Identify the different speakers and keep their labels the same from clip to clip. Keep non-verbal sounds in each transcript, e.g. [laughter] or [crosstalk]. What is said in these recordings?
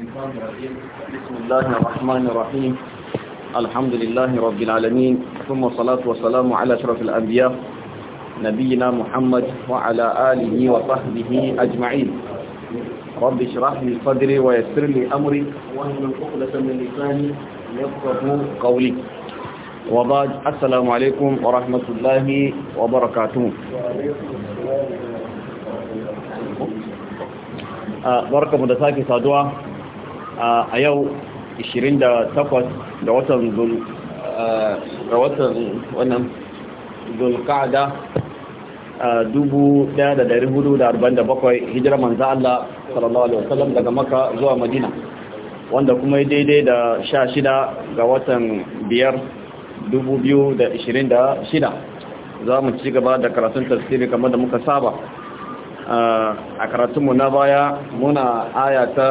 Speaker 1: بسم الله
Speaker 2: الرحمن الرحيم الحمد لله رب العالمين ثم صلاة وسلام على شرف الأنبياء نبينا محمد وعلى آله وصحبه أجمعين رب اشرح لي صدري ويسر لي أمري واهل عقدة من لساني يفقه قولي وبعد السلام عليكم ورحمة الله وبركاته barkamu da sake saduwa a yau 28 da watan zul a watan wannan zulkada 1447 hijira manzo Allah sallallahu alaihi wasallam daga Makka zuwa Madina wanda kuma yi daidai da 16 ga watan 5 2026 za mu ci gaba da karatun tafsiri kamar da muka saba a karatunmu na baya muna aya ta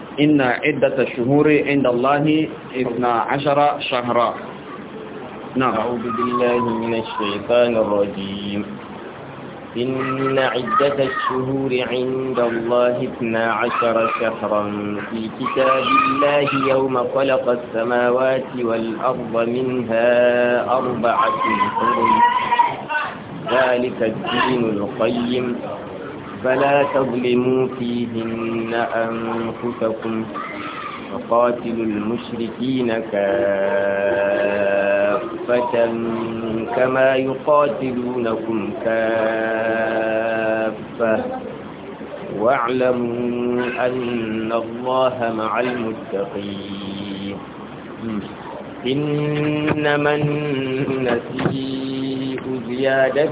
Speaker 2: إن عدة الشهور عند الله إثنا عشر شهرا نعم أعوذ بالله من الشيطان الرجيم إن عدة الشهور عند الله اثنا عشر شهرا في كتاب الله يوم خلق السماوات والأرض منها أربعة حرم
Speaker 1: ذلك الدين
Speaker 2: القيم فلا تظلموا فيهن أنفسكم وقاتلوا المشركين كافة كما يقاتلونكم كافة واعلموا أن الله مع المتقين إنما النسيب زيادة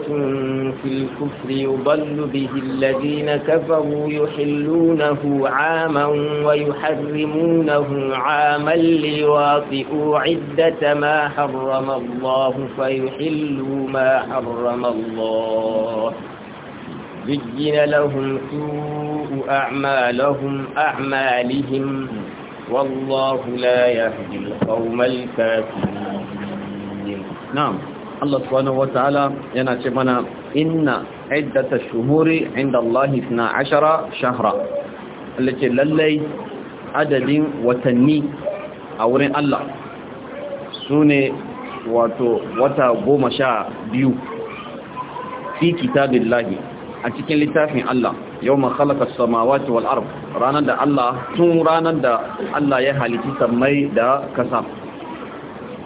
Speaker 2: في الكفر يضل به الذين كفروا يحلونه عاما ويحرمونه عاما ليواطئوا عدة ما حرم الله فيحلوا ما حرم الله بجن لهم سوء أعمالهم أعمالهم والله لا يهدي القوم الكافرين نعم Allah subhanahu wataala yana ce mana inna iddatash shuhuri inda Allah 12 shahra lalle lallai adadin watanni a wurin Allah sune wato wata goma sha biyu fi kitabillahi a cikin littafin Allah yau ma khalaqa samawati wal ard ranar da Allah tun ranar da Allah ya halitta sammai da kasa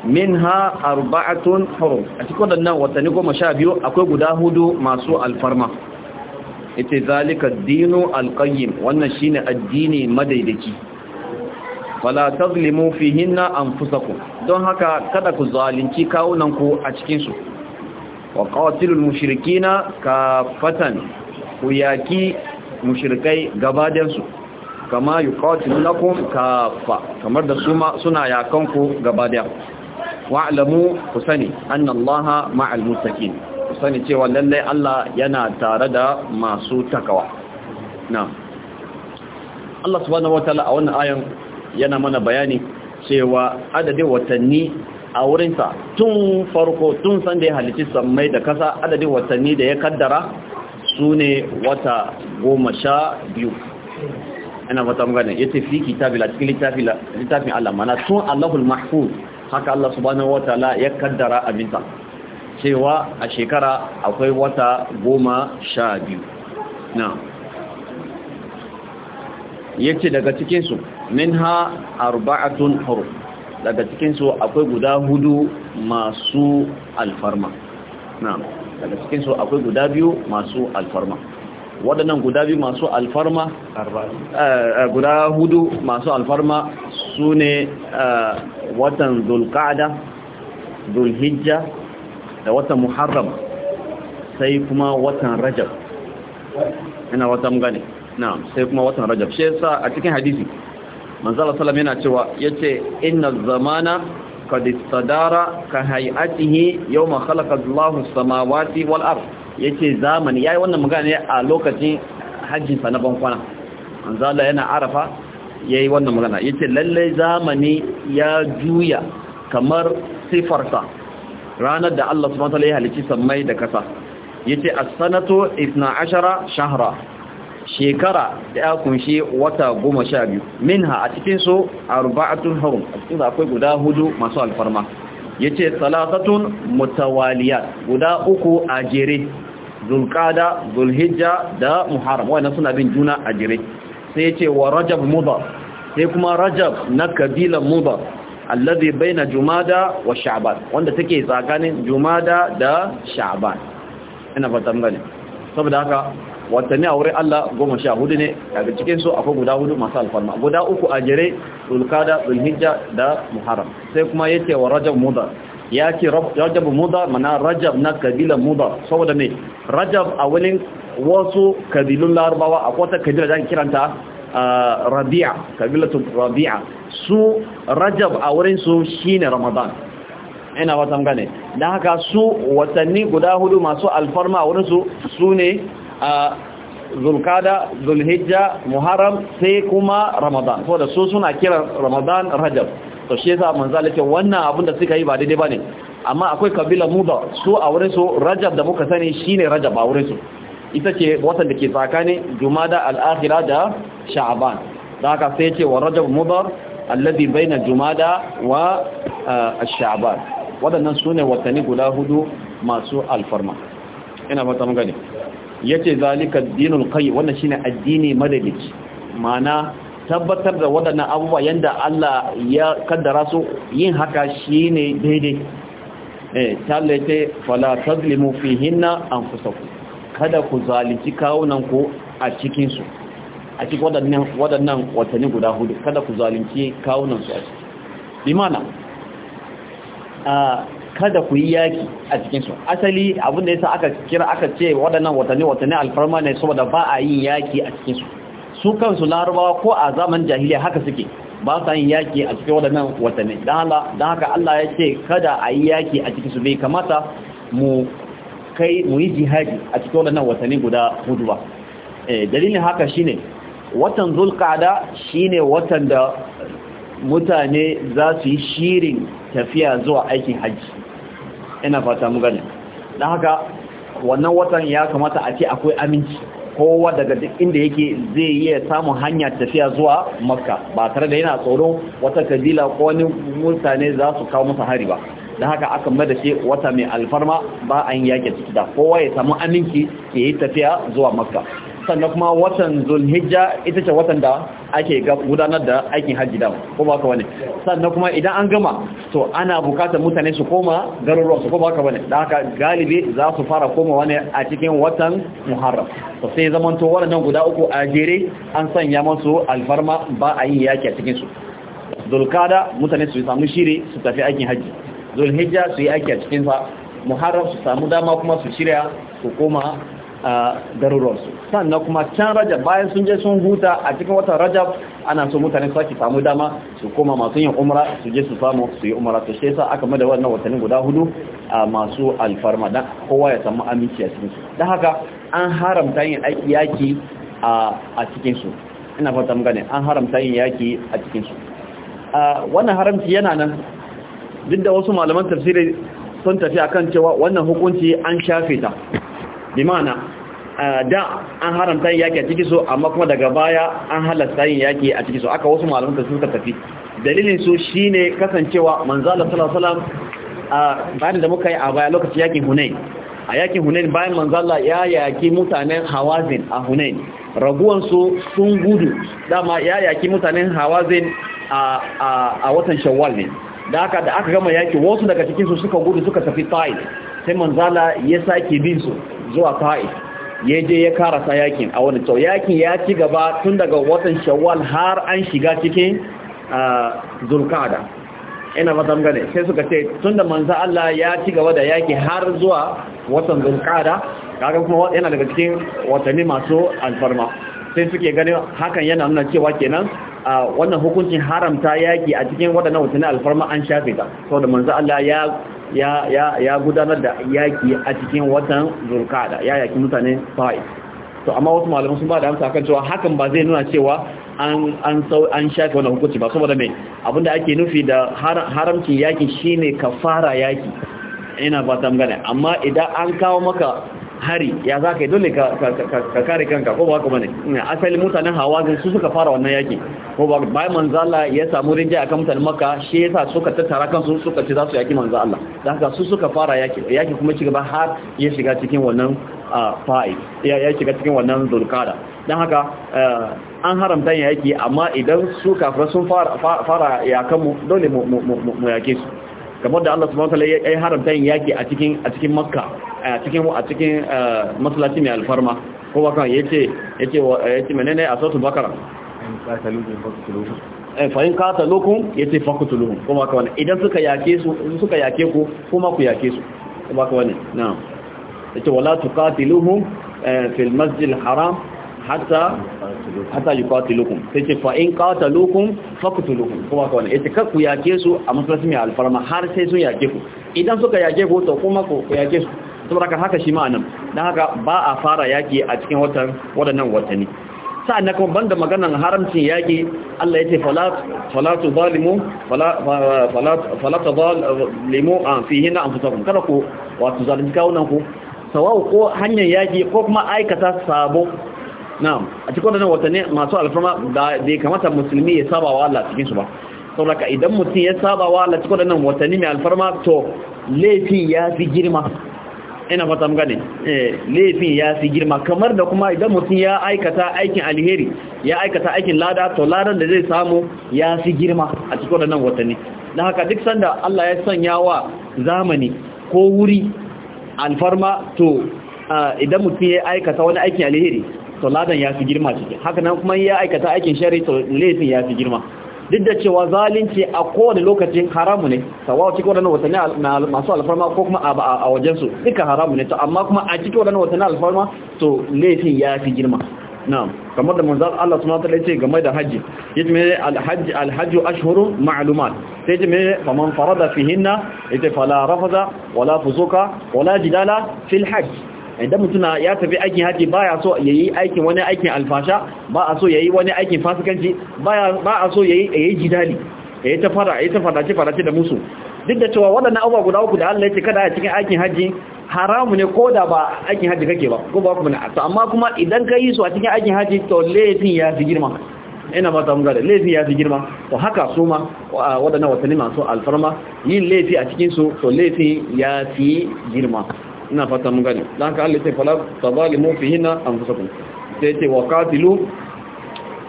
Speaker 2: minha arba'atun hurum a cikin wadannan watanni goma sha biyu akwai guda hudu masu alfarma ita zalika dinu alqayyim wannan shine addini madaidaici fala tazlimu fihinna anfusakum don haka kada ku zalunci kawunanku a cikinsu. su wa qatilul mushrikina kafatan ku yaki mushrikai gabadan su kama yuqatilunakum kafa kamar da su ma suna yakanku gabadan wa'lamu ku sani annallaha ma'al muttaqin ku sani cewa lalle Allah yana tare da masu takawa na Allah subhanahu wataala a wannan ayan yana mana bayani cewa adadin watanni a wurinsa tun farko tun san da ya halici sammai da kasa adadin watanni da ya kaddara su ne wata goma sha biyu ana fata magana ya tafi kitabila cikin littafin Allah mana tun Allahul Mahfuz haka Allah subhanahu wataala ya kaddara abinta cewa a shekara akwai wata goma sha biyu na yace daga cikinsu minha arba'atun huruf daga cikinsu akwai guda hudu masu alfarma na daga cikinsu akwai guda biyu masu alfarma waɗannan guda biyu masu alfarma eh, eh, guda hudu masu alfarma su ne eh, watan zulqa'da zulhijja da watan muharram sai kuma watan rajab watan gane sai kuma watan rajab shi yasa a cikin hadisi manzala sallam yana cewa yace inna zamana qad istadara ka hay'atihi yau khalaqa Allahu Zulahu samawati wal ard yace zamani yayi wannan magana ne a lokacin hajjin na bankwana manzala yana arafa ya yi wannan magana ya ce lallai zamani ya juya kamar sifarsa ranar da Allah subhanahu wa ya halici sammai da kasa ya ce asanato isna ashara shahara shekara daya ya kunshi wata goma sha biyu minha a cikinsu arba'atun harum a cikinsu akwai guda hudu masu alfarma ya ce talatatun mutawaliyat guda uku a jere zulkada zulhijja da muharram wannan suna bin juna a jere sai ce wa rajab mudar sai kuma rajab na kabila mudar allazi baina jumada wa sha'ban wanda take tsakanin jumada da sha'ban ina fatan bane saboda haka watanni a wurin Allah goma sha hudu ne daga cikin su akwai guda hudu masu alfarma guda uku a jere zulkada zulhijja da muharram sai kuma yace wa rajab mudar ya ce rajab muda mana rajab na kabila muda saboda mai rajab a wani wasu kabilun larabawa a kwata kabila da kiranta rabi'a kabilatun rabi'a su rajab a wurin su shine ramadan ina watan gane don haka su watanni guda hudu masu alfarma a wurin su su ne a zulkada zulhijja muharram sai kuma ramadan saboda su suna kiran ramadan rajab to shi yasa manzo Allah ce wannan abin da suka yi ba daidai bane amma akwai kabila muda su a wurin su rajab da muka sani shine rajab a wurin su ita ce watan da ke tsakanin jumada al akhirah da sha'ban da haka sai ce wa rajab mudar alladhi baina jumada wa eh, ash-sha'ban wadannan sune watani guda hudu masu alfarma ina fata mun gane yace zalika dinul qayy wannan shine addini madalici ma'ana tabbatar da waɗannan abubuwa yadda Allah ya kaddara su yin haka shi ne daidai eh, tallete falatazlimu fi hinna an fusafu. kada ku zalici kawunanku a cikinsu a cikin waɗannan watanni guda hudu kada ku zalunci kawunansu a ciki limana kada ku yi yaki a cikinsu asali abinda yasa aka kira aka ce waɗannan watanni watanni alfarma ne saboda ba a yin yaki a cikinsu su kansu larabawa ko a zaman jahiliya haka suke ba sa yin yaki a cikin waɗannan watanni don haka Allah ya ce kada a yi yaki a cikin su bai kamata mu kai mu yi jihadi a cikin waɗannan watanni guda hudu ba eh, dalilin haka shine watan zulkada shine watan da mutane za su yi shirin tafiya zuwa aikin hajji ina fata mu gani don haka wannan watan ya kamata a ce akwai aminci kowa daga duk inda yake zai iya samun hanya tafiya zuwa makka ba tare da yana tsoron wata kabila ko wani mutane za su kawo masa hari ba da haka aka mada shi wata mai alfarma ba an yake ciki da kowa ya samu aminci ya yi tafiya zuwa makka sannan kuma watan zulhijja ita ce watan da ake gudanar da aikin hajji da ko ba ka wani sannan kuma idan an gama to ana bukatar mutane su koma garuruwa su ko ba ka wani da haka galibi za su fara koma wani a cikin watan muharram to sai to waɗannan guda uku a jere an sanya masu alfarma ba a yi yaki a cikin su zulkada mutane su samu shiri su tafi aikin hajji zulhijja su yi aiki a cikin sa muharram su samu dama kuma su shirya su koma a garuruwarsu sannan kuma can rajab bayan sun je sun huta a cikin watan rajab ana so mutane su sake samu dama su koma masu yin umra su je su samu su yi umra to shi yasa aka mada wannan watanni guda hudu a masu alfarma dan kowa ya samu aminci a cikin su dan haka an haramta yin aiki yaki a cikin su ina fata mun gane an haramta yin yaki a cikin su wannan haramci yana nan duk da wasu malaman tafsiri sun tafi akan cewa wannan hukunci an shafe ta Bi ma'ana da an haramta yin yaki a ciki so amma kuma daga baya an halasta yin yaki a ciki so aka wasu malamta suka tafi dalilin su shine kasancewa manzala sallallahu alaihi wasallam bayan da muka yi a baya lokacin yakin hunain a yakin hunain bayan manzala ya yaki mutanen hawazin a hunain raguwan su sun gudu dama ya yaki mutanen hawazin a a a watan shawwal ne da aka da aka gama yaki wasu daga cikin su suka gudu suka tafi ta'if sai manzala ya sake bin su zuwa fa'i ya je ya karasa yakin a wani to yakin ya ci gaba tun daga watan shawwal har an shiga cikin zulkada ina matan gane sai suka ce tun da manza Allah ya ci gaba da yaki har zuwa watan zulkada kaga kuma yana daga cikin watanni masu alfarma sai suke ganin hakan yana nuna cewa kenan a wannan hukuncin haramta yaki a cikin waɗannan watanni alfarma an shafe ta saboda Manza Allah ya ya gudanar da yaki a cikin watan zulkada ya yaki mutane fa'id to amma wasu malamai sun ba da amsa kan cewa hakan ba zai nuna cewa an an shafe wannan hukunci ba saboda me abinda ake nufi da haramcin yaki shine kafara yaki ina ba tambaya amma idan an kawo maka hari ya za ka yi dole ka kare kanka ko ba ka bane asali mutanen hawazin su suka fara wannan yaki ko ba bai manzo Allah ya samu rinja kan mutanen maka shi ya sa suka tattara kansu suka ce za su yaki manzo Allah da haka su suka fara yaki yaki kuma ci gaba har ya shiga cikin wannan fa'i ya shiga cikin wannan zulkada don haka an haramta yaki amma idan su kafira sun fara yakan mu dole mu yake su kamar da Allah subhanahu wataala ya haramta yin yaki a cikin a cikin Makka a cikin a cikin eh, masallaci mai alfarma ko kan yace yace yace menene a sautu bakara eh, idan suka yake su suka yake ku kuma ku yake su wala eh, fil masjid haram hatta hatta yuqatilukum sai ce fa in qatalukum faqtulukum kuma kawai yace kar ku yake su a masallaci mai alfarma har sai sun yake ku idan suka yake ku to kuma ku yake su saboda haka shi ma nan dan haka ba a fara yake a cikin watan wadannan watanni sa'an na kuma banda maganar haramcin yaƙi Allah ya ce falatu zalimu falata zalimu a fi hina an fusa kada ku wato zalimci kawunan ku sawau ko hanyar yaƙi ko kuma aikata sabo na'am a cikin wannan watanni masu alfarma da bai kamata musulmi ya saba wa Allah cikin su ba saboda idan mutum ya saba wa Allah cikin wannan watanni mai alfarma to laifin ya fi girma ina fata mun gane eh laifin ya fi girma kamar da kuma idan mutum ya aikata aikin alheri ya aikata aikin lada to ladan da zai samu ya fi girma a cikin wannan watanni dan haka duk sanda Allah ya sanya wa zamani ko wuri alfarma to ah, idan mutum ya aikata wani aikin alheri to ladan ya fi girma ciki haka nan kuma ya aikata aikin shari to laifin ya fi girma duk da cewa zalunci a kowane lokacin haramu ne sawa cikin wadannan watanni masu alfarma ko kuma a wajensu duka haramu ne to amma kuma a cikin wadannan watanni alfarma to laifin ya fi girma na'am kamar da manzon Allah subhanahu wataala yace game da haji yace me al-hajj al-hajj ashhurun ma'lumat sai yace me faman farada fihinna yace fala rafada wala fusuka wala jidala fil hajj idan mutuna ya tafi aikin haji baya so yayi aikin wani aikin alfasha ba a so yayi wani aikin fasikanci baya ba a so yayi yayi jidali yayi ta fara yayi ta fara ci da musu duk da cewa waɗannan abubuwa guda uku da Allah ya ce kada a cikin aikin haji haramu ne ko da ba aikin haji kake ba ko ba kuma na amma kuma idan ka yi su a cikin aikin haji to laifin ya fi girma ina ba ta gada laifi ya fi girma to haka su ma waɗannan watanni masu alfarma yin laifi a cikinsu to laifin ya fi girma ina fata mun gani dan ka Allah ya ce fala tazalimu fihinna anfusakum sai ya ce wa qatilu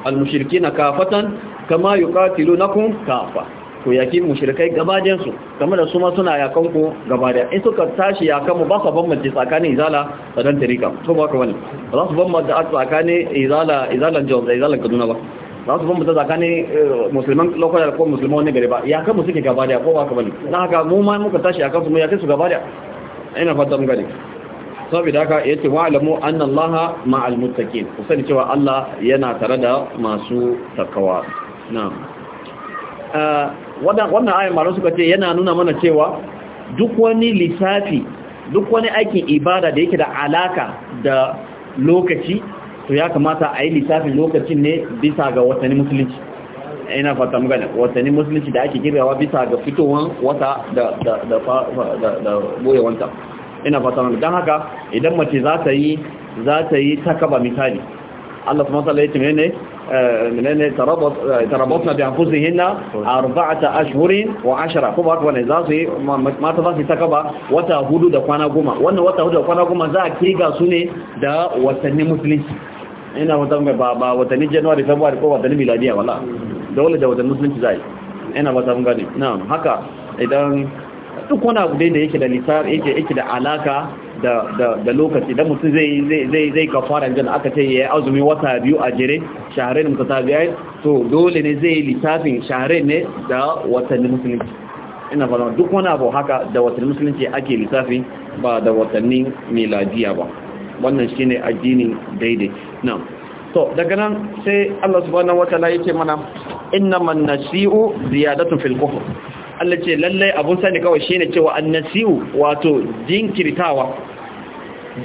Speaker 2: al-mushrikeena kafatan kama yuqatilunakum kafa ku yaki mushrikai gabajen su kamar da su ma suna yakan ku gabada in suka tashi yakan mu ba su bambance tsakanin izala da dan tarika to ba ka wani ba za su bambance tsakanin izala izalan jawz da izalan kaduna ba za su bambanta tsakanin eh, musulman lokacin ko musulman wani gari ba ya kan mu suke gaba ko ba ka bane na haka mu ma muka tashi a kansu mu ya kai su gaba ina fatan gani saboda haka yace wa alamu anna allaha ma'al muttaqin kusan cewa Allah yana tare da masu takawa na'am ah, wannan wannan ayar malamu suka ce yana nuna mana cewa duk wani lissafi duk wani aikin ibada da yake da alaka da lokaci to ya kamata a yi lissafin lokacin ne bisa ga watanni musulunci ina fata magana watanni musulunci da ake girgawa bisa ga fitowar wata da boyewanta ina fata magana don haka idan mace za ta yi za ta yi takaba misali Allah kuma sallallahu alaihi wasallam menene eh, eh, tarabatna bi a arba'ata ashhurin wa ashara ko ba wani za su yi mata za su takaba wata hudu da kwana goma wannan wata hudu da kwana goma za a kirga su ne da watanni musulunci ina wata ba ba watanni Januwari, February ko watanni miladiya wala dole da wajen musulunci zai ina ba ta mun na haka idan duk wani abu da yake da lisar yake yake da alaka da lokaci don mutum zai zai fara zai kafara aka ce yi azumi wata biyu a jere ta biya to dole ne zai lissafin shahrain ne da watanni musulunci ina fara duk wani abu haka da watanni musulunci ake lissafi ba da watanni miladiya ba wannan shine addinin daidai na'am to daga nan sai Allah subhanahu wataala yake mana innaman nasi'u ziyadatu fil kufr Allah ce lalle abun sani kawai shine cewa annasi'u wato jinkirtawa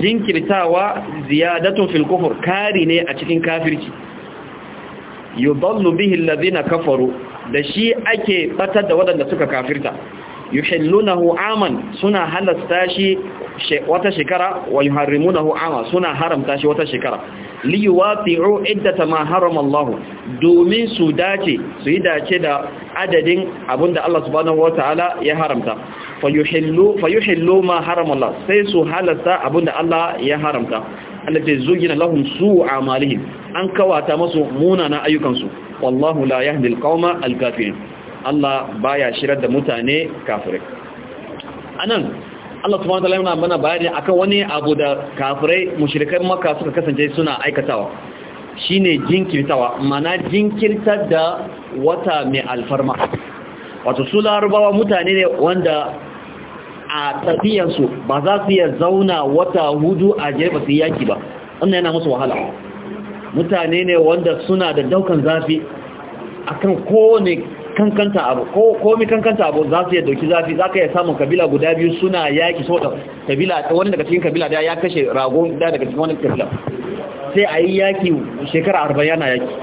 Speaker 2: jinkirtawa ziyadatu fil kufr kari ne a cikin kafirci yudallu bihi alladhina kafaru da shi ake batar da waɗanda suka kafirta yuhillunahu aman suna halasta shi wata shekara wa yuharrimunahu ama suna haramta shi wata shekara liwati'u iddata ma harama domin su dace su yi dace da adadin abinda Allah subhanahu wataala ya haramta fayuhillu fayuhillu ma harama sai su halasta abinda Allah ya haramta alifin zujina lahum su'u amalihim an kawata masu munana ayyukansu wallahu la yahdi al-qauma al-kafirin Allah baya shirar da mutane kafirai anan Allah subhanahu wataala yana mana bayani akan wani abu da kafirai mushrikan Makka suka kasance suna aikatawa shine jinkirtawa mana jinkirta da wata mai alfarma wato su larabawa mutane ne wanda a tafiyansu ba za su iya zauna wata hudu a jefa su yaki ba wannan yana musu wahala mutane ne wanda suna da daukan zafi kan kowane kankanta abu ko komi kankanta abu za su iya dauki zafi za ka iya samun kabila guda biyu suna yaki saboda kabila wani daga cikin kabila daya ya kashe ragon daya daga cikin wani kabila sai a yi yaki shekara arba'in yana yaki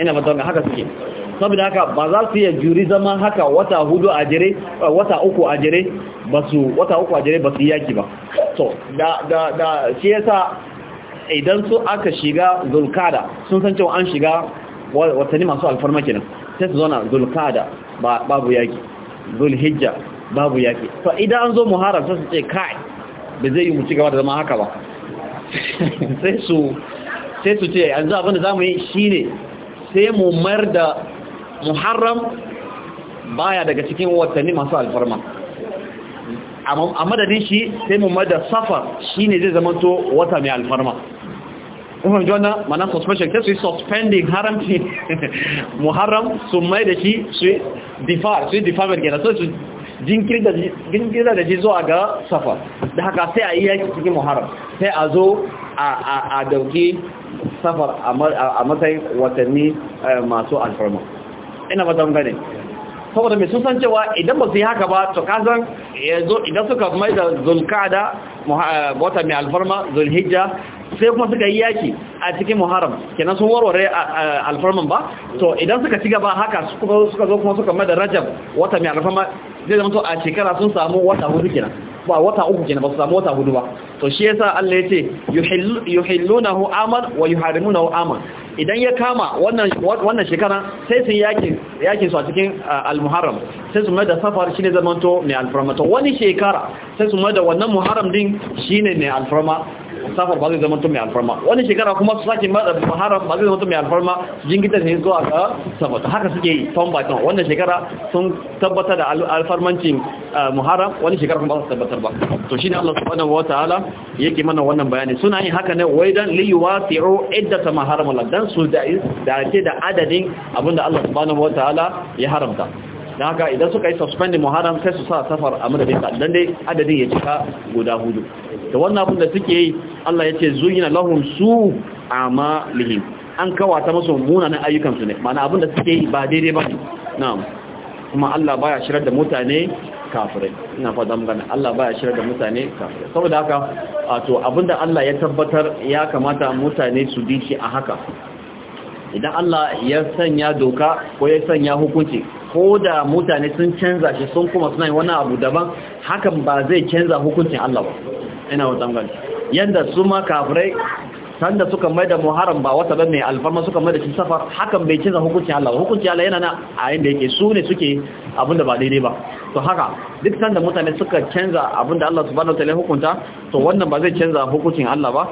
Speaker 2: ina ba ga haka suke saboda haka ba za su iya juri zama haka wata hudu a jere wata uku a jere ba su wata uku a jere ba su yi yaki ba so da da da shi yasa idan su aka shiga zulkada sun san cewa an shiga watanni masu alfarma kenan sai su zauna zulkada babu yaki zulhijja babu yaki to idan an zo muharram sai su ce kai ba zai yi mu ci gaba da zama haka ba [laughs] sai su sai su ce yanzu abin da zamu yi shine sai mu mayar da muharram baya daga cikin watanni masu alfarma a madadin shi sai mu mayar da safar shine zai zama to wata mai alfarma kuma jona mana suspension ke su yi suspending haramci [laughs] muharram su mai da shi su yi defer su yi mai gina su jinkirda da jizo a ga safa da haka sai a yi yaki cikin muharram sai a zo a dauki safar a matsayin watanni eh, masu alfarma ina ba zan gane saboda mai sun san cewa idan ba su yi haka ba to kazan idan suka mai da da eh, wata mai alfarma zulhijja sai kuma suka yi yaki a cikin muharram kenan sun warware alfarman ba to idan suka ci gaba haka suka zo kuma suka mada rajab wata mai alfarma zai zama to a shekara sun samu wata hudu kenan ba wata uku kenan ba su samu wata hudu ba to shi yasa Allah ya ce yuhillunahu aman wa yuharimunahu aman idan ya kama wannan wannan shekara sai sun yaki yakin su a cikin al-muharram sai su mada da safar shine zaman to mai alfarma to wani shekara sai su mada wannan muharram din shine mai alfarma safar ba zai zama tun mai alfarma wani shekara kuma su sake haram ba zai zama tun mai alfarma jingita ne zuwa ga sabata haka suke yi ton by ton wannan shekara sun tabbata da alfarmancin eh, muharram wani shekara kuma ba su tabbatar ba to shine Allah subhanahu wataala yake mana wannan bayani suna yin haka ne wai dan li yuwati'u iddata ma harama Allah dan su da dace da adadin abinda Allah subhanahu wataala ya haramta da haka idan suka yi suspending muharram sai su sa safar a madadin sa dan dai adadin ya cika guda hudu da wannan abin da suke yi Allah ya ce zuyina lahum su lihim an kawata musu munanan ayyukansu ne mana abin da suke yi ba daidai ba ne na'am kuma Allah baya shirar da mutane kafirai ina fada magana Allah baya shirar da mutane kafirai saboda haka wato da Allah ya tabbatar ya kamata mutane su bi shi a haka idan Allah ya sanya doka ko ya sanya hukunci ko da mutane sun canza shi sun kuma suna wani abu daban hakan ba zai canza hukuncin Allah ba ina wutan yanda su ma kafirai sanda suka mai da muharram ba wata ba mai alfarma suka mai da shi safar hakan bai canza hukunci Allah hukunci Allah yana na a yanda yake su ne suke abinda ba daidai ba to haka duk sanda mutane suka canza abinda Allah subhanahu wataala ya hukunta to wannan ba zai canza hukuncin Allah ba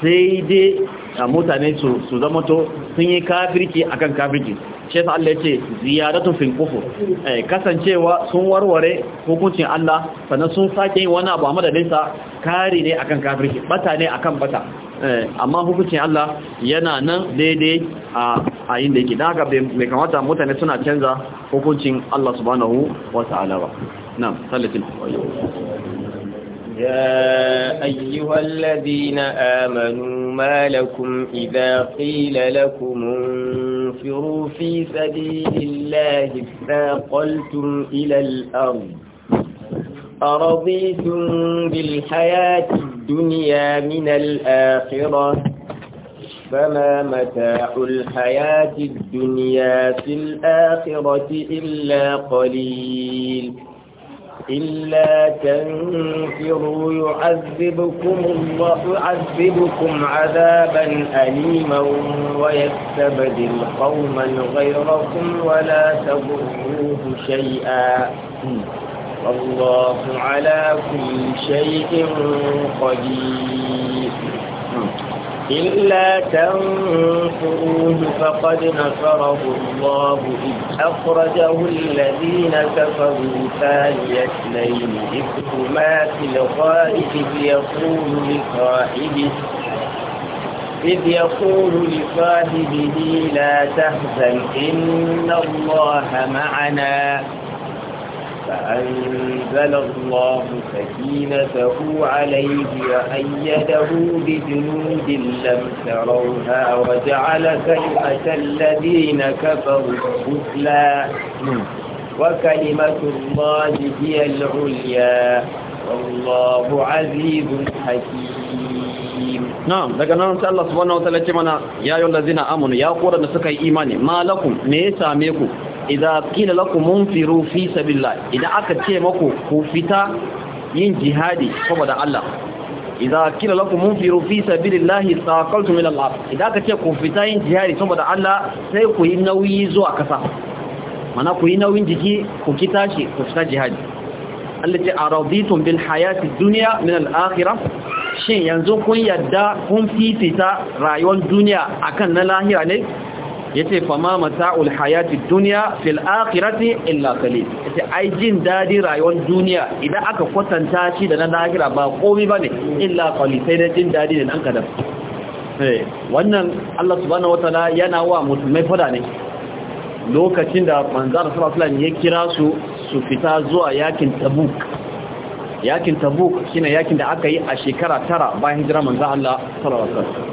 Speaker 2: sai dai a mutane su zama to sun yi kafirki akan kafirki shi yasa Allah ce ziyaratu fil kufur eh, kasancewa sun warware hukuncin Allah sannan sun sake yin wani abu a madadin sa kare ne akan kafirki bata ne akan bata eh, amma hukuncin Allah yana nan daidai a a inda yake dan ga me kamata mutane suna canza hukuncin Allah subhanahu wa ta'ala ba na'am sallatin يا أيها الذين آمنوا ما لكم إذا قيل لكم انفروا في سبيل الله اثاقلتم إلى الأرض أرضيتم بالحياة الدنيا من الآخرة فما متاع الحياة الدنيا في الآخرة إلا قليل إلا تنفروا يعذبكم الله يعذبكم عذابا أليما ويستبدل قوما غيركم ولا تضروه شيئا والله على كل شيء قدير نعم. إلا تنفروه فقد نصره الله إذ أخرجه الذين كفروا ثاني اثنين إذ هما في الغائب إذ يقول لصاحبه إذ يقول لصاحبه لا تحزن إن الله معنا فأنزل الله سكينته عليه وأيده بجنود لم تروها وجعل كلمة الذين كفروا كفلا وكلمة الله هي العليا والله عزيز حكيم نعم لكن نعم، أنا الله سبحانه وتعالى يا أيها الذين آمنوا يا قرى نسكي إيماني ما لكم نيسا ميكو idza qila lakum munfiru fi sabilillah idan aka ce maku ku fita yin jihadi saboda Allah idza qila lakum munfiru fi sabilillah saqaltum min al-ard idan aka ce ku fita yin jihadi saboda Allah sai ku yi nauyi zuwa kasa mana ku yi nauyin jiki ku kitashi ku fita jihadi Allah ce araditum bil hayati dunya min al-akhirah shin yanzu kun yadda kun fifita rayuwar duniya akan na lahira ne Ya ce fama mata'ul hayati dunya fil akhirati illa Ya ce ai jin dadi rayuwar duniya idan aka kwatanta shi da na lahira ba komi komai bane illa qalil sai da jin dadi ne dan kadan eh, wannan Allah subhanahu wataala yana wa musulmai fada ne lokacin da manzon sallallahu alaihi ya kira su su fita zuwa yakin tabuk yakin tabuk shine yakin da aka yi a shekara tara bayan hijira manzon Allah sallallahu alaihi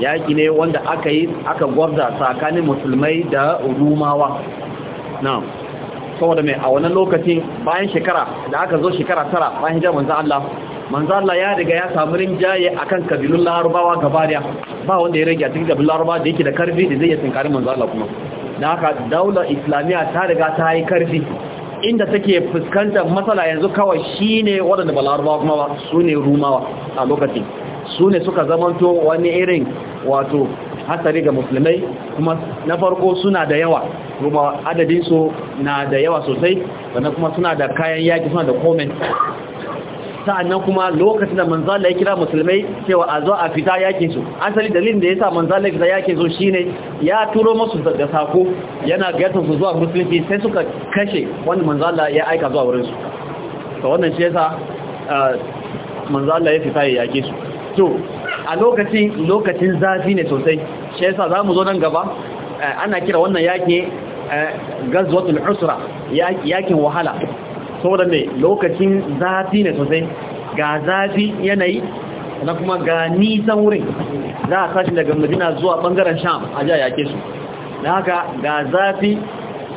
Speaker 2: yaki ne wanda aka yi aka gwabza tsakanin musulmai da rumawa na'am saboda mai a wannan lokacin bayan shekara da aka zo shekara tara bayan hijar manzo Allah manzo Allah ya riga ya samu rinjaye akan kabilun Larabawa gaba ba wanda ya rage a cikin kabilun Larabawa da yake da karfi da zai iya tinkari manzo Allah kuma da haka daular islamiyya ta riga ta yi karfi inda take fuskantar matsala yanzu kawai shine waɗanda ba Larabawa kuma ba ne Rumawa a lokacin su ne suka zamanto wani irin wato hatsari ga musulmai kuma na farko suna da yawa kuma adadin na da yawa sosai sannan kuma suna da kayan yaki suna da komen sa'annan kuma lokacin da manzala ya kira musulmai cewa a zo a fita yakin su asali dalilin da ya sa manzala ya fita yakin su shine ya turo masu da sako yana gayyatar su zuwa musulunci sai suka kashe wanda manzala ya aika zuwa wurin su wannan shi yasa ah, manzala ya fita yakin su to a lokacin lokacin zafi ne sosai shi yasa zamu zo nan gaba eh, ana kira wannan yake eh, gazwatul usra yakin wahala saboda me lokacin zafi ne sosai ga zafi yanayi na kuma ga nisan wurin za a sashi daga madina zuwa bangaren sham a jiya yake su da haka ga zafi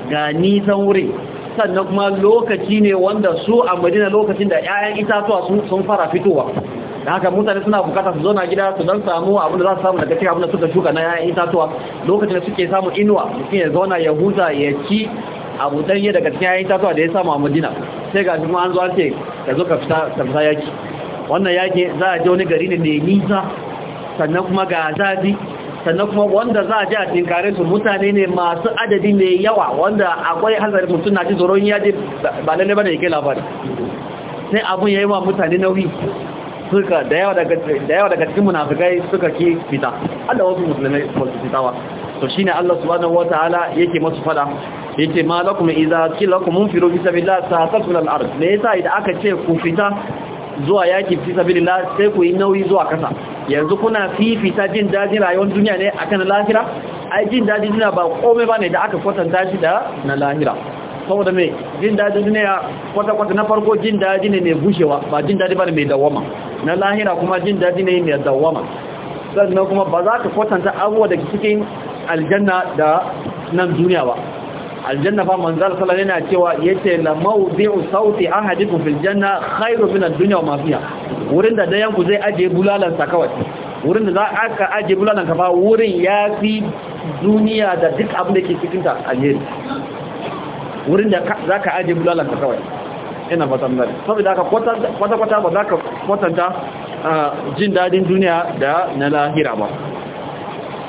Speaker 2: ga nisan wurin sannan kuma lokaci ne wanda su a madina lokacin da 'ya'yan itatuwa sun fara fitowa da haka mutane suna bukata su zauna gida su dan samu abin da za su samu daga cikin abin da suka shuka na yayin itatuwa lokacin da suke samun inuwa mutum ya zauna ya huta ya ci abu danye daga cikin yayin itatuwa da ya samu a madina sai ga kuma an zo an ce ka zo ka fita ka fita yaki wannan yaki za a je wani gari ne mai nisa sannan kuma ga zafi sannan kuma wanda za a ji a tinkare su mutane ne masu adadi mai yawa wanda akwai hanzari mutum na ji tsoron yaji ba lalle ba da ke labari sai abun ya yi wa mutane nauyi suka da yawa daga cikin munafikai suka ki fita Allah wasu musulmai wasu fitawa to ne Allah subhanahu wataala yake masu fada yace ma lakum idza qila lakum munfiru fi sabilillah sa'atul al yasa idan aka ce ku fita zuwa yaki fi sabilillah sai ku yi nauyi zuwa kasa yanzu kuna fifita jin daji rayuwar duniya ne akan lahira ai jin daji duniya ba komai ne da aka kwatanta shi da na lahira saboda mai jin daji duniya kwata-kwata na farko jin daji ne mai bushewa ba jin daji ne mai dawama na lahira kuma jin daɗi ne mai dawama sannan kuma ba za ka kwatanta abuwa da cikin aljanna da nan duniya ba aljanna fa manzal sallallahu yana cewa yace la mawdi'u sauti ahadikum fil janna khairu min ad-dunya wa ma fiha wurin da dayan ku zai aje bulalan sa kawai wurin da za aka aje bulalan ka ba wurin ya fi duniya da duk abin da ke cikin ta alheri wurin da za ka aje bulalan ka kawai ina fatan gani saboda haka kwata-kwata ba za ka kwatanta ah, jin dadin duniya da na lahira ba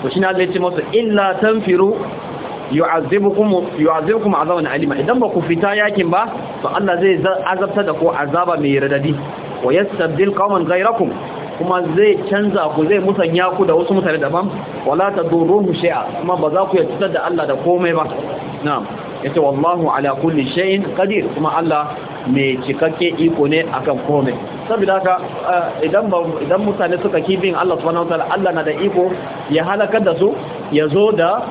Speaker 2: to shi na alaici masu illa tanfiru yu'azibukum azaban alima idan ba ku fita yakin ba to Allah zai azabta da ku azaba mai radadi wa yastabdil qauman ghayrakum kuma zai canza ku zai musanya ku da wasu mutane daban wala tadurruhu shay'a kuma ba za ku ya cutar da Allah da komai ba na'am yace wallahu ala kulli shay'in qadir kuma Allah mai cikakke iko ne akan komai saboda haka eh, idan idan mutane suka kibin Allah subhanahu wataala Allah na da iko ya halakar da su ya zo da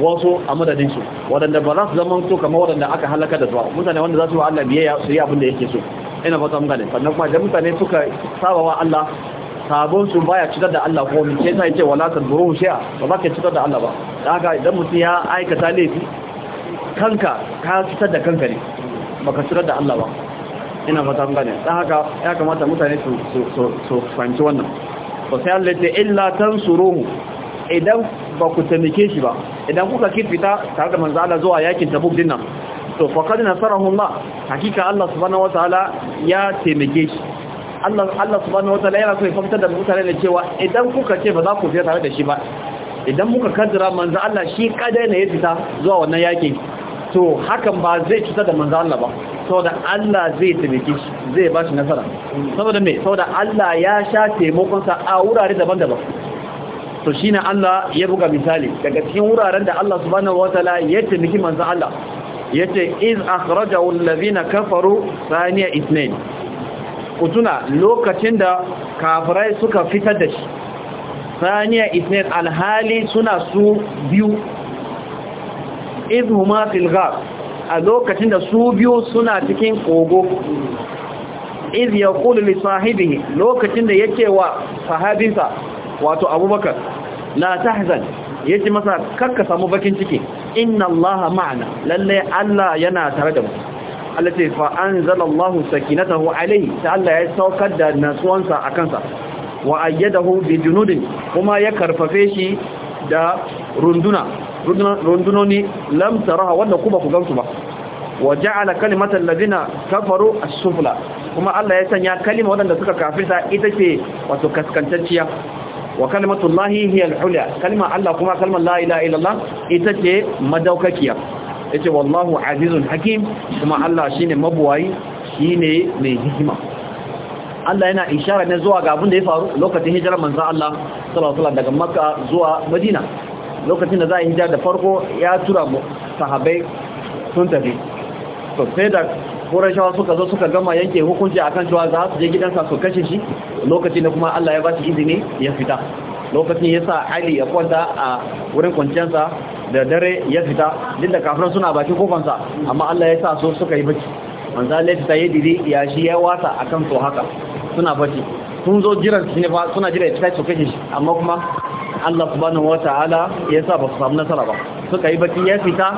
Speaker 2: wasu a madadin su wadanda ba za su zama to kamar wadanda aka halakar da su mutane wanda za su wa Allah biyayya su yi abin da yake so ina fata mun gane sannan kuma idan mutane suka saba wa Allah sabon su baya cutar da Allah ko mace sai ce wala buru shi'a ba za ka cutar da Allah ba haka idan mutum ya aikata laifi kanka ka cutar da kanka ne baka shirar da Allah ba ina fata an gane dan haka ya kamata mutane su su su fahimci wannan to sai Allah ya illa tansuruhu idan ba ku taimake shi ba idan kuka kifita tare da manzo Allah zuwa yakin Tabuk din nan to faqad nasarahu Allah hakika Allah subhanahu wataala ya taimake shi Allah Allah subhanahu wataala yana so ya fahimtar da mutane da cewa idan kuka ce ba za ku fita tare da shi ba idan muka kaddara manzo Allah shi kadai ne ya fita zuwa wannan yakin to hakan ba zai cutar da manzo Allah ba saboda Allah zai taimake shi zai ba shi nasara saboda me saboda Allah ya sha taimakon sa a wurare daban-daban to shine Allah ya buga misali daga cikin wuraren da Allah subhanahu wataala ya taimaki manzo Allah yace iz akhrajahu allazina kafaru thaniya ithnain kutuna lokacin da kafirai suka fitar da shi thaniya ithnain alhali suna su biyu izhuma fil ghar a lokacin da su biyu suna cikin kogo iz yaqulu li sahibihi lokacin da yake wa sahabinsa wato abubakar la tahzan yace masa karka samu bakin ciki inna allaha ma'ana lalle allah yana tare da mu Allah ce fa anzalallahu sakinatahu alayhi ta Allah ya saukar da nasuwansa a kansa wa ayyadahu bi junudin kuma ya karfafe shi da runduna rundunoni lam taraha wanda kuma ku gamsu ba wa ja'ala kalimatan ladina kafaru as-sufla kuma Allah ya sanya kalima wanda suka kafirta ita ce wato kaskantacciya wa kalimatullahi hiya al-ulya kalima Allah kuma kalmar la ilaha illallah ita ce madaukakiya yace wallahu azizun hakim kuma Allah shine mabuwai shine mai hikima Allah yana ishara ne zuwa ga abin da ya faru lokacin hijirar manzon Allah sallallahu alaihi wasallam daga Makka zuwa Madina lokacin da za a yi hijira da farko ya tura sahabai sun tafi to sai da kurashawa suka zo suka gama yanke hukunci akan cewa za su je gidansa su kashe shi lokacin da kuma Allah ya ba shi izini ya fita lokacin ya sa Ali ya kwanta a wurin kwanciyarsa da dare ya fita duk da kafiran suna bakin kofansa amma Allah ya sa so suka yi bacci wanda Allah ya fita ya ya shi ya wasa akan to haka suna bacci sun zo jiran shi ne ba suna jira ya fita su kashe shi amma kuma Allah subhanahu wata'ala ya sa ba su samu nasara ba suka yi bakin ya fita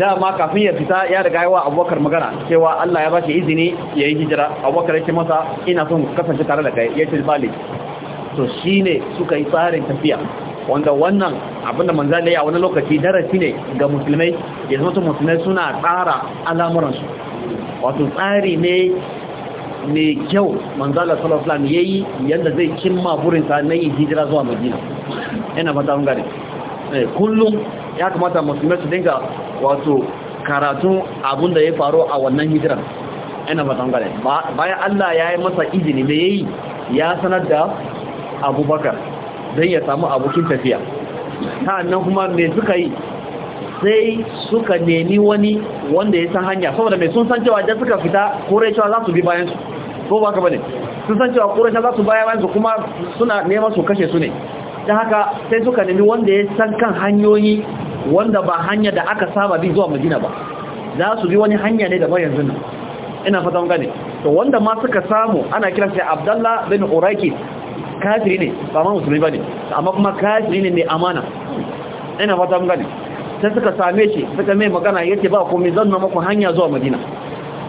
Speaker 2: dama kafin ya fita ya riga yawa abubakar magana cewa Allah ya ba shi izini ya yi hijira abubakar ce masa ina son kasance tare da kai ya ce bali to shi ne suka yi tsarin tafiya wanda wannan abinda manzan da ya wani lokaci darasi ne ga musulmai ya zama musulmai suna tsara al'amuransu wato tsari ne mai kyau manzala sallallahu ya yi yadda zai cimma sa na yi hijira zuwa madina yana mata mun eh, kullum ya kamata musulmai su dinga wato karatun abin ya faru a wannan hijiran yana mata mun bayan allah ya yi masa izini da ya yi ya sanar da abubakar don ya samu abokin tafiya sa'annan kuma me suka yi sai suka nemi wani wanda ya san hanya saboda mai sun san cewa da suka fita kore cewa za su bi bayansu so ba ka bane sun san cewa ƙuraisha za su baya bayan su kuma suna neman su kashe su ne ta haka sai suka nemi wanda ya san kan hanyoyi wanda ba hanya da aka saba bi zuwa madina ba za su bi wani hanya ne daban yanzu nan ina fatan gane to wanda ma suka samu ana kiran sai abdallah bin uraki kafiri ne ba ma musulmi bane amma kuma kafiri ne mai amana ina fatan gane sai suka same shi suka mai magana yace ba komai zan na muku hanya zuwa madina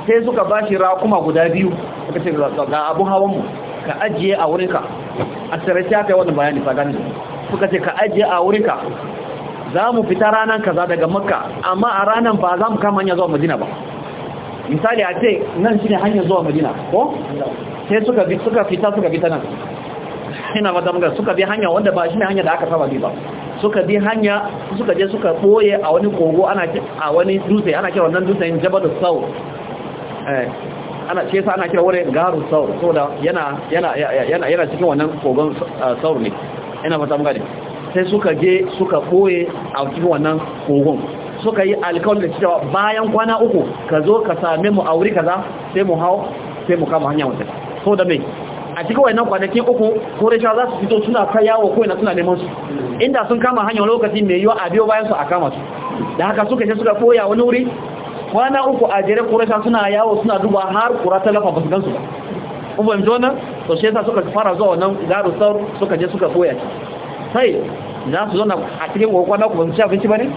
Speaker 2: sai suka ba shi rakuma guda biyu suka ce ga abun hawanmu ka ajiye a wurinka a tsirrai ta kai wannan bayani gani suka ce ka ajiye a wurinka za mu fita ranar kaza daga makka amma a ranar ba za mu kama hanyar zuwa madina ba misali a ce nan shi ne hanyar zuwa madina ko sai suka bi suka fita suka fita nan ina mata muka suka bi hanya wanda ba shi ne hanya da aka saba bi ba suka bi hanya suka je suka boye a wani kogo ana a wani dutse ana kira wannan dutsen jabal sau Eh, ana ce sa ana kira wurin garu saur saboda yana yana yana yana cikin wannan kogon eh, saur ne ina fata mun gane sai suka je suka koye a cikin wannan kogon suka yi alƙawarin cewa bayan kwana uku ka zo ka same mu aure kaza sai mu hau sai mu kama hanya wata da me a cikin wayannan kwanaki uku koresha za su fito suna kai yawo ko ina suna neman su inda sun kama hanyar lokaci mai yiwa a biyo bayan su a kama su da haka suka shi suka koya wani wuri kwana uku a jere kurasha suna yawo suna duba har kura ta lafa ba su gansu ba ubin jona to shi yasa suka fara zuwa wannan garu sau suka je suka koya sai za su zona a cikin kwana uku ba su ci abinci ba ne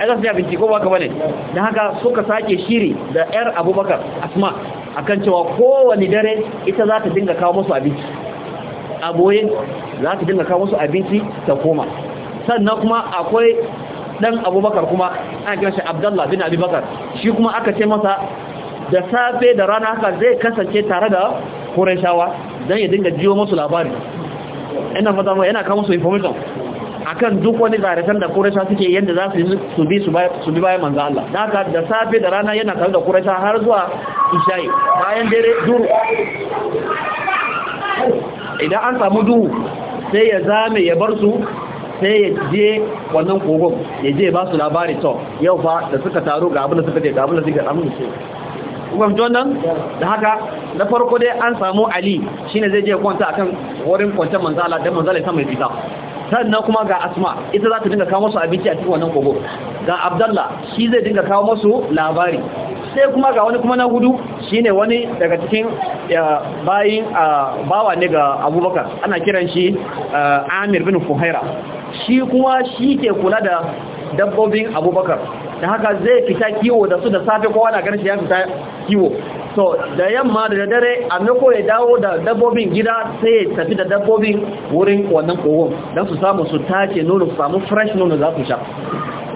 Speaker 2: ai za su ci abinci ko ba ka ba ne don haka suka sake shiri da yar abubakar asma kan cewa kowane dare ita za ta dinga kawo musu abinci a boye za ta dinga kawo musu abinci ta koma sannan kuma akwai dan abubakar kuma ana kiran shi abdullah bin abi bakar shi kuma aka ce masa da safe da rana haka zai kasance tare da kurashawa don ya dinga jiwo musu labari ina fata mai yana kawo su information akan duk wani zaratan da kurasha suke yadda za su su bi su bi bayan manzo Allah da haka da safe da rana yana tare da kurasha har zuwa isha'i bayan dare duru idan an samu duhu sai ya zame ya bar su sai ya je wannan kogon ya je ba su labari to yau fa da suka taru ga abin da suka je ga abin da suka samu ce kuma mutum nan da haka na farko dai an samu ali shine zai je kwanta akan wurin kwantar manzala dan manzala ta mai fita sannan kuma ga asma ita za ta dinga kawo masu abinci a cikin wannan kogo ga abdallah shi zai dinga kawo masu labari sai kuma ga wani kuma na hudu shine wani daga cikin bayin bawa ne ga abubakar ana kiran shi eh, amir bin fuhaira shi kuma shi ke kula da dabbobin abubakar da haka zai fita kiwo da su da safe kowa na ganin shi ya fita kiwo so da yamma da dare a mako ya dawo da dabbobin gida sai ya tafi da dabbobin wurin wannan kogon don su samu su tace nono su samu fresh nono za su sha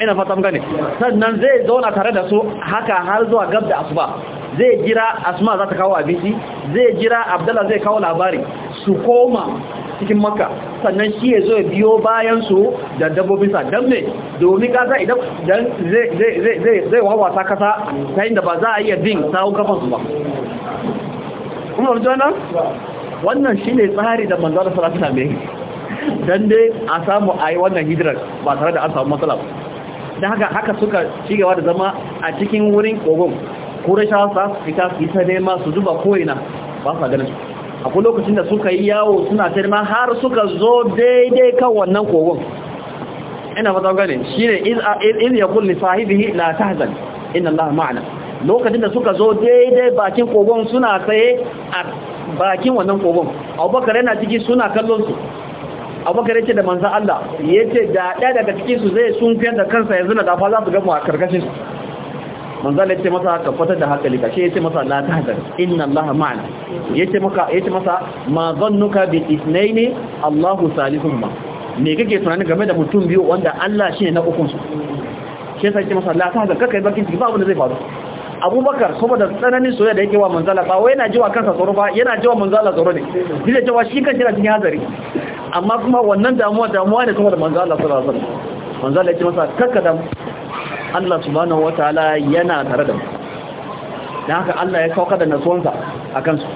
Speaker 2: ina fata mu gane sannan zai zauna tare da su haka har zuwa gab da asuba zai jira asma za ta kawo abinci zai jira abdallah zai kawo labari su koma cikin makka sannan shi ya zo ya biyo bayan su da dabbobi sa dan me domin kaza idan zai zai zai kasa ta inda ba za a iya bin sawun kafan ba kuma jana wannan shine tsari da manzo Allah sallallahu alaihi wasallam dan dai a samu wannan hijirar ba tare da an samu matsala ba dan haka haka suka cigaba da zama a cikin wurin kogon kura shawasa fita su ne ta su zuba ko'ina ba sa ganin su akwai lokacin da suka yi yawo suna tarma har suka zo daidai kan wannan kogon ina fata gane ne, in ya kulle sahibihi na tahzan inna allaha ma'ana lokacin da suka zo daidai bakin kogon suna tsaye a bakin wannan kogon abubakar yana ciki suna kallon su abubakar yake da manzo Allah yace da daya daga cikin su zai sunfiyar da kansa yanzu na dafa za su gama a karkashin su manzala yace masa ka fata da hankali ka shi yace masa la tahzan inna allaha ma'ana yace maka yace masa ma zannuka bi ithnaini allahu salihuma me kake tunani game da mutum biyu wanda Allah shine na ukun su shi sai yace masa la tahzan kaka yi bakin ba abin da zai faru abubakar saboda tsananin soyayya da yake wa manzala ba wai yana jiwa kansa tsoro ba yana jiwa manzala tsoro ne shi da cewa shi kan shi na cikin hazari amma kuma wannan damuwa damuwa ne saboda manzala sallallahu alaihi wasallam manzala yace masa kakka Allah subhanahu wataala yana tare da mu dan haka Allah ya sauka da nasuwansa a kansu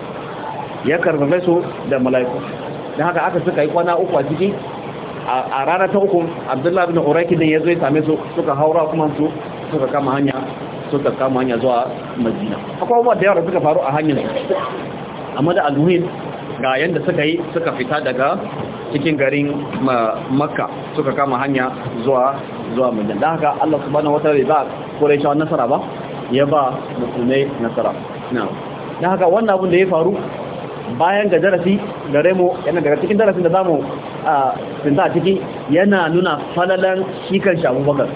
Speaker 2: ya karfafe su da mala'iku dan haka aka suka yi kwana uku a ciki a ranar ta uku Abdullahi bin Uraki din ya zo ya same su suka haura kuma su suka kama hanya suka kama hanya zuwa Madina akwai abubuwa da yawa suka faru a hanyar amma da almuhim ga yanda suka yi suka fita daga cikin garin makka suka kama hanya zuwa zuwa madina da haka Allah subhanahu wataala ba shawar nasara ba ya ba musulmai nasara na'am da haka wannan abin da ya faru bayan ga darasi da remo yana daga cikin darasin da zamu a tsinta ciki yana nuna falalan shi kan shi abubakar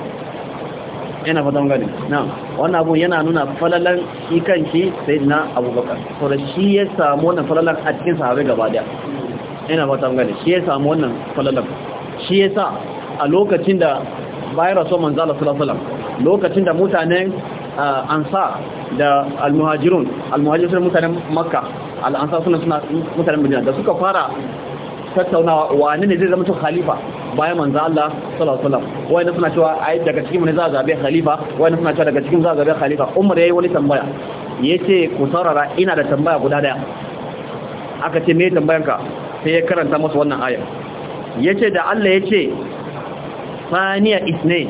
Speaker 2: yana fatan gani na wannan abun yana nuna falalan shi shi sai na abubakar to da shi ya samu wannan falalan a cikin sahabai gaba daya yana fatan gani shi ya samu wannan falalan shi ya sa a lokacin da bayan rasuwar manzo Allah sallallahu lokacin da mutanen ah, ansa da almuhajirun almuhajirun suna mutanen makka al'ansa suna suna mutanen madina da suka fara tattaunawa wani ne zai zama cikin khalifa bayan manzo Allah sallallahu alaihi wasallam wayanda suna cewa ai daga cikin ne za a zabe khalifa wayanda suna cewa daga cikin za a zabe khalifa Umar yayi wani tambaya yace ku saurara ina da tambaya guda daya aka ce me tambayanka sai ya karanta masa wannan aya yace da Allah yace saniya isne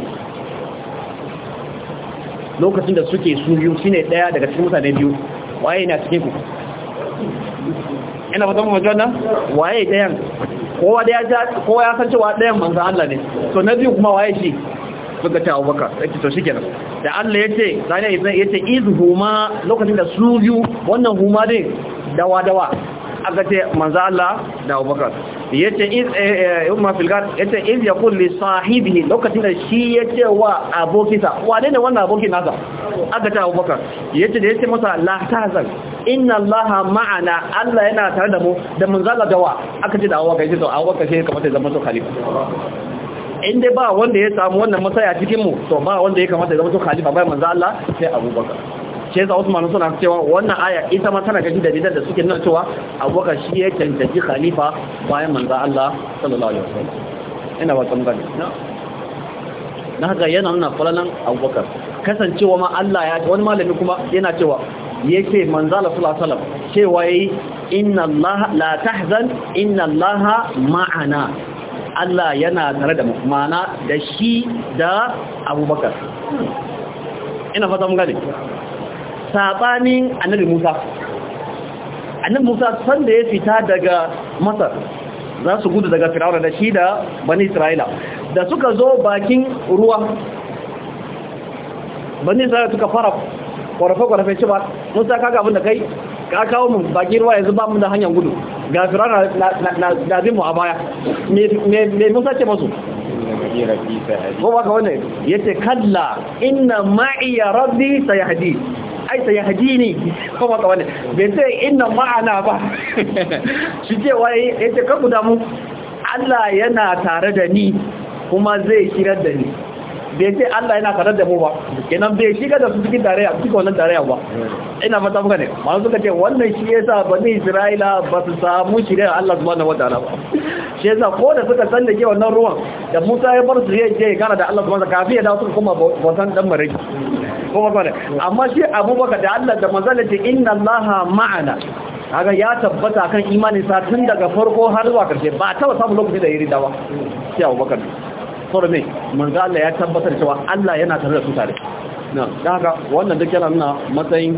Speaker 2: lokacin da suke su biyu shine daya daga cikin mutane biyu waye na cikin ku ina fata mu nan. waye dayan kowa da ya ja kowa ya san cewa dayan manzo Allah ne to na biyu kuma waye shi suka ta Abubakar yake to shikenan da Allah yace saniya isne yace izhuma lokacin da su biyu wannan huma din dawa dawa aka ce manzo Allah da Abubakar yace iz eh, eh, umma fil gar yace iz yaqul li sahibihi lokacin da shi yace wa abokinsa wane ne wannan abokin nasa aka ta abubakar yace da yace masa la tazal inna allaha ma'ana allah yana tare da mu da mun zalla dawa aka ce da abubakar yace to abubakar sai kamata ya zama to khalifa inda ba wanda ya samu wannan masaya cikin mu to ba wanda ya kamata ya zama to khalifa bai manzo allah sai abubakar shi yasa Usman suna cewa wannan aya ita ma tana gaji da bidan da suke nuna cewa Abubakar shi ya cancanci khalifa bayan manzo Allah sallallahu alaihi wasallam ina ba gani na haka yana nuna falalan Abubakar kasancewa ma Allah ya wani malami kuma yana cewa yake manzo Allah sallallahu alaihi wasallam cewa yayi inna Allah la tahzan inna Allah ma'ana Allah yana tare da mu da shi da Abubakar ina fata mun gane sabanin annabi Musa annabi Musa san da ya fita daga Masar za su gudu daga Fir'auna da shi da Bani Isra'ila da suka zo bakin ruwa Bani Isra'ila suka fara kwarafe kwarafe ba Musa kaga abin da kai ka kawo mu bakin ruwa yanzu ba mu da hanyar gudu ga Fir'auna na bin mu a baya me Musa ce masu ko baka wannan yace kalla inna ma'iya rabbi sayahdi ya haji ne ko ba wani bai sai ina ma'ana ba
Speaker 1: [laughs]
Speaker 2: shi ce ya ce ka guda mu? Allah yana tare da ni kuma zai shirar da ni bai ce Allah yana tare da mu ba kenan bai shiga da su cikin tarayya cikin wannan tarayya ba ina mata muka ne su ka ce wannan shi yasa bani Isra'ila ba su samu shirya Allah subhanahu wataala ba shi yasa ko da suka ke wannan ruwan da Musa ya bar su je ya gana da Allah subhanahu wataala kafin ya dawo suka koma bautan dan maraki kuma kone amma shi abubakar da Allah da manzala ce inna allaha ma'ana haka ya tabbata kan imanin sa tun daga farko har zuwa karshe ba ta samun lokaci da yiri dawa sai abubakar saboda ne manzo Allah ya tabbatar cewa Allah yana tare da su tare na dan haka wannan duk yana nuna matsayin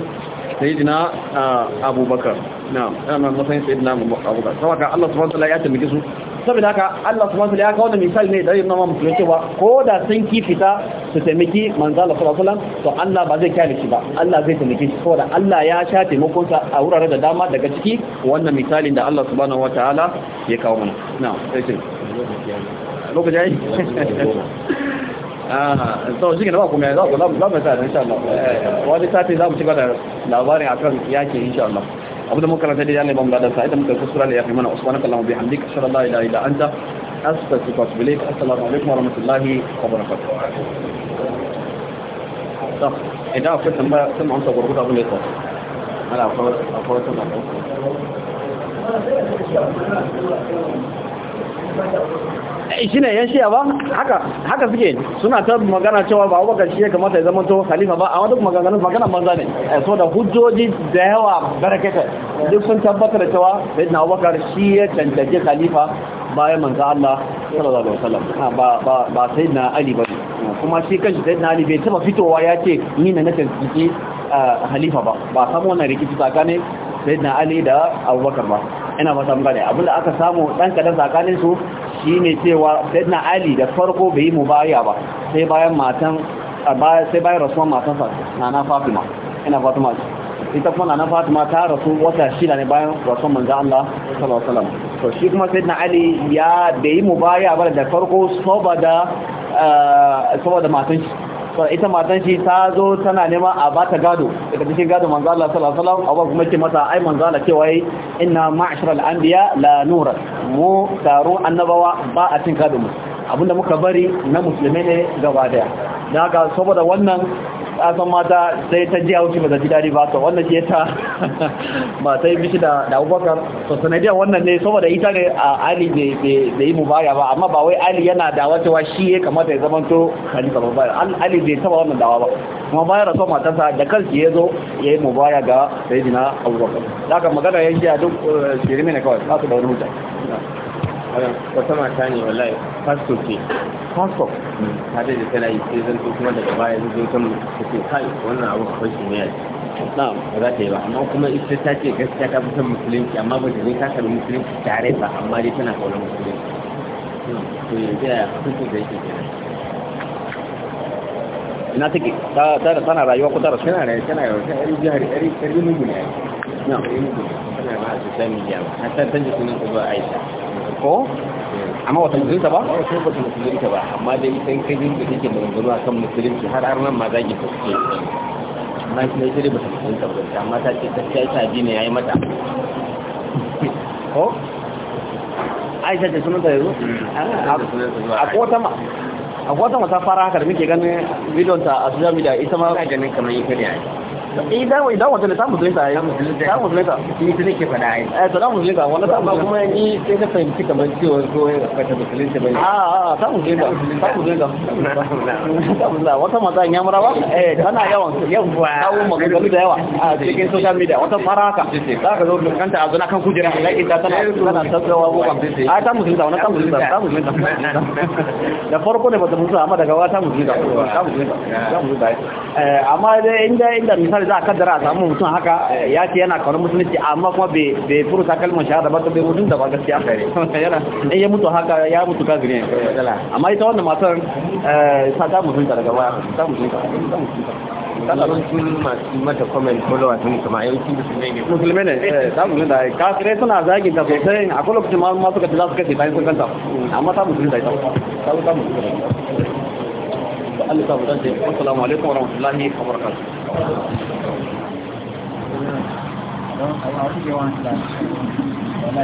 Speaker 2: sayidina ah, abubakar na yana matsayin sayidina abubakar saboda Allah subhanahu wa ta'ala ya tabbata su saboda haka Allah subhanahu wataala ya kawo da misali ne da yana mamu cewa ko da sun ki fita su taimaki manzo Allah sallallahu alaihi to Allah ba zai kyale ba Allah zai taimake shi saboda Allah ya sha taimakon a wurare da dama daga ciki wannan misalin da Allah subhanahu ta'ala ya kawo mana na'am ba kuma ya za mu sa insha za mu ci da labarin akan yake insha abu da muka karanta da yana ban da sa idan muka kusura da yafi mana usmanaka Allahu bihamdika ashhadu la ilaha illa anta astaghfiruka wa atubu assalamu alaikum wa rahmatullahi wa barakatuh idan akwai tambaya abin da
Speaker 1: ya ana akwai
Speaker 2: Eh, shi ne yan shiya ba haka suke suna ta magana cewa ba abubakar shi ya kamata ya zama to khalifa ba amma duk maganganun magana banza ne eh, so da hujjoji da yawa barakata duk sun tabbatar da cewa sayyidina abubakar shi ya cancanci khalifa bayan manzo Allah sallallahu alaihi wasallam ah, ba ba ba sayyidina ali ba kuma shi kanshi sayyidina ali bai taba fitowa ya ce ni ne na cancanci ah, khalifa ba ba samu wannan rikici tsakanin sayyidina ali da abubakar ba ina fata mun gane abinda aka samu dan kadan tsakanin su shine cewa sayyidina ali da farko bai yi mubaya ba sai bayan matan sai bayan rasuwar matansa nana fatima ina fatima ita kuma nana fatima ta rasu wata shida ne bayan rasuwar manzo Allah sallallahu alaihi wasallam to shi kuma sayyidina ali ya bai yi mubaya ba da farko saboda eh, saboda matan shi to ita matan shi ta zo tana nema a bata gado daga cikin gado manzo Allah sallallahu alaihi wasallam abu kuma ce mata ai manzo Allah cewa yayi inna ma'ashara al anbiya la nura mu taru annabawa ba a cin gado mu abinda muka bari na musulmai ne gaba daya daga saboda wannan kasan mata sai ta ji haushi ba ta ji daɗi ba to wannan ke ta ba ta yi bishi da abubakar to sanadiyar wannan ne saboda ita ne a ali bai yi mubaya ba amma ba wai ali yana dawa cewa shi ya kamata ya zamanto khalifa ba ali bai taba wannan dawa ba kuma bayan rasuwa matarsa da kansu ya zo ya yi mubaya ga sayidina abubakar da aka magana yanki a duk eh, shirme ne kawai ba su da wani hujja wata mata ne wallahi fasto ce fasto hmm, ta da tana yi sai zan kuma daga baya zai zo kan take kai wannan abu akwai shi ne ya ce ba za ta yi ba amma kuma ita ta ce gaskiya ta fi son musulunci amma ba ta zai ta karbi musulunci tare ba amma dai tana kaunar musulunci hmm, to yanzu ya kusa da yake kenan ina take ta tana rayuwa ko tara tana rayuwa tana rayuwa ta yari jihar yari yari mugu ne na'am yari ba a sosai miliya ba ta tanje sunan ta zuwa aisha ko amma wata musulunta ba? wata wata musulunta ba amma dai san kai yin da take maganganu a kan musulunci har har nan ma zagi ta suke amma shi ne sai ba bata musulunta ba amma ta ce ta ce ta ji ne ya yi mata ko? aisha ce sunanta yanzu? a kota ma a kota ma ta fara haka da muke ganin bidonta a social media ita ma ta ganin kamar yi kariya idan wai dawo tana samu zulunta ya samu zulunta ni ta nake faɗa ai eh samu zulunta wannan samu kuma ni sai ka fahimci kamar cewa ko ka ta zulunta bane a a samu zulunta samu zulunta samu zulunta wata mata ya murawa eh tana yawan yawa kawo maganganu da yawa a cikin social media wata fara haka za ka zo kanta a zuna kan kujera da ita tana tana tsatsawa ko kan a ta musulunta wannan samu zulunta samu zulunta da farko ne ba ta musulunta amma daga wata musulunta samu zulunta samu zulunta Eh, amma dai inda inda misali za a kaddara a samu mutum haka eh, ya ce yana kaunar musulunci amma kuma bai furuta kalmar shahada ba ta bai mutum da ba gaskiya kare [laughs] in ya mutu haka ya mutu ka zine eh, amma ita wannan matan ta ta mutunta daga baya ta mutunta ta masu mata comment ta sun kama yawancin musulmai ne musulmai ne ta musulmai ne kafirai suna zagin ta sosai a ne kuma masu kaji za su ta ta ta السلام عليكم ورحمه الله وبركاته